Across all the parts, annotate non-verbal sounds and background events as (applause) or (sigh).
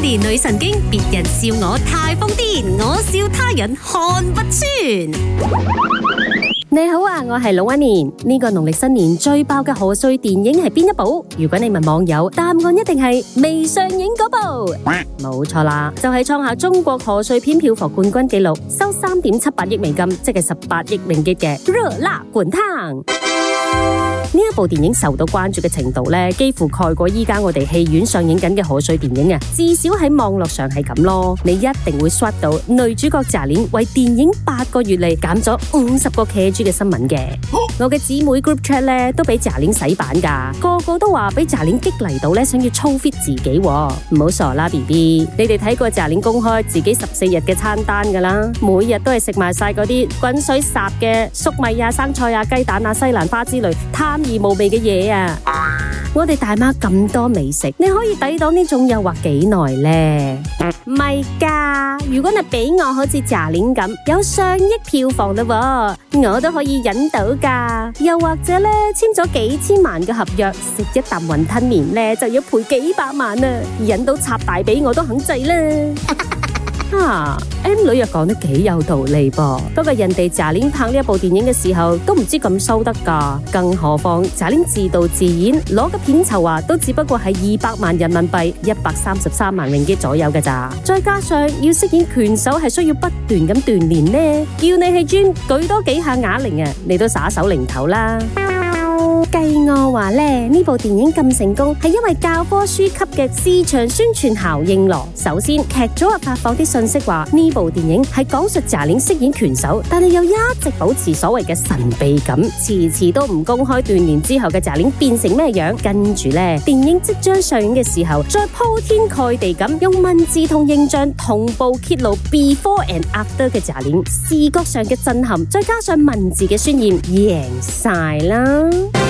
年女神經，別人笑我太瘋癲，我笑他人看不穿。你好啊，我係老阿年，呢個農曆新年最爆嘅賀歲電影係邊一部？如果你問網友，答案一定係未上映嗰部。冇錯啦，就係創下中國賀歲片票房冠軍紀錄，收三點七八億美金，即係十八億令吉嘅熱辣滾燙。呢部電影受到關注嘅程度咧，幾乎蓋過依家我哋戲院上映緊嘅賀歲電影，至少喺網絡上係咁咯，你一定會刷到女主角賈玲為電影八個月嚟減咗五十個公斤嘅新聞嘅。我嘅姊妹 group chat 呢，都俾賈玲洗版㗎，個個都話俾賈玲激勵到呢，想要操 fit 自己。唔好傻啦，B B，你哋睇過賈玲公開自己十四日嘅餐單㗎啦，每日都係食埋晒嗰啲滾水烚嘅粟米啊、生菜啊、雞蛋啊、西蘭花之類淡而無味嘅嘢啊，啊我哋大媽咁多美食，你可以抵擋呢種誘惑幾耐呢？唔係㗎。如果你俾我好似賈玲咁有上億票房嘞，我都可以忍到噶。又或者咧，簽咗幾千萬嘅合約，食一啖雲吞麵咧就要賠幾百萬啊！忍到插大髀我都肯制啦。 (laughs) 啊，M 女又講得幾有道理噃，不過人哋賈玲拍呢一部電影嘅時候，都唔知咁收得噶，更何況賈玲自導自演，攞嘅片酬啊，都只不過係二百萬人民幣，一百三十三萬令吉左右嘅咋，再加上要飾演拳手係需要不斷咁鍛煉呢，叫你去 gym 舉多幾下啞鈴啊，你都耍手擰頭啦。計、哦、我話咧，呢部電影咁成功係因為教科書級嘅市場宣傳效應咯。首先，劇組啊發放啲信息話呢部電影係講述賈玲飾演拳手，但係又一直保持所謂嘅神秘感，遲遲都唔公開鍛煉之後嘅賈玲變成咩樣。跟住咧，電影即將上映嘅時候，再鋪天蓋地咁用文字同影像同步揭露 Before and After 嘅賈玲，視覺上嘅震撼，再加上文字嘅宣言贏晒啦。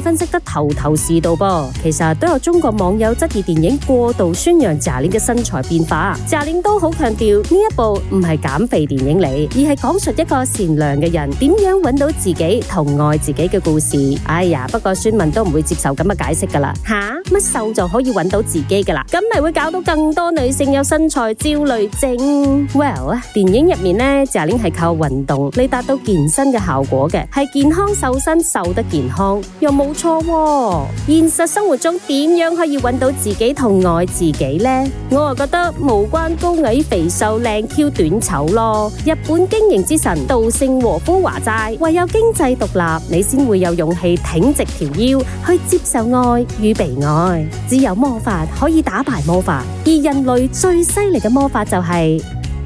分析得頭頭是道噃，其實都有中國網友質疑電影過度宣揚賈玲嘅身材變化。賈玲都好強調呢一部唔係減肥電影嚟，而係講述一個善良嘅人點樣揾到自己同愛自己嘅故事。哎呀，不過孫文都唔會接受咁嘅解釋噶啦。吓，乜瘦就可以揾到自己噶啦？咁咪會搞到更多女性有身材焦慮症？Well 啊，電影入面呢，賈玲係靠運動嚟達到健身嘅效果嘅，係健康瘦身，瘦得健康。冇錯、啊，現實生活中點樣可以揾到自己同愛自己呢？我啊覺得無關高矮肥瘦靚嬌短醜咯。日本經營之神稻盛和夫話齋：唯有經濟獨立，你先會有勇氣挺直條腰去接受愛與被愛。只有魔法可以打敗魔法，而人類最犀利嘅魔法就係、是。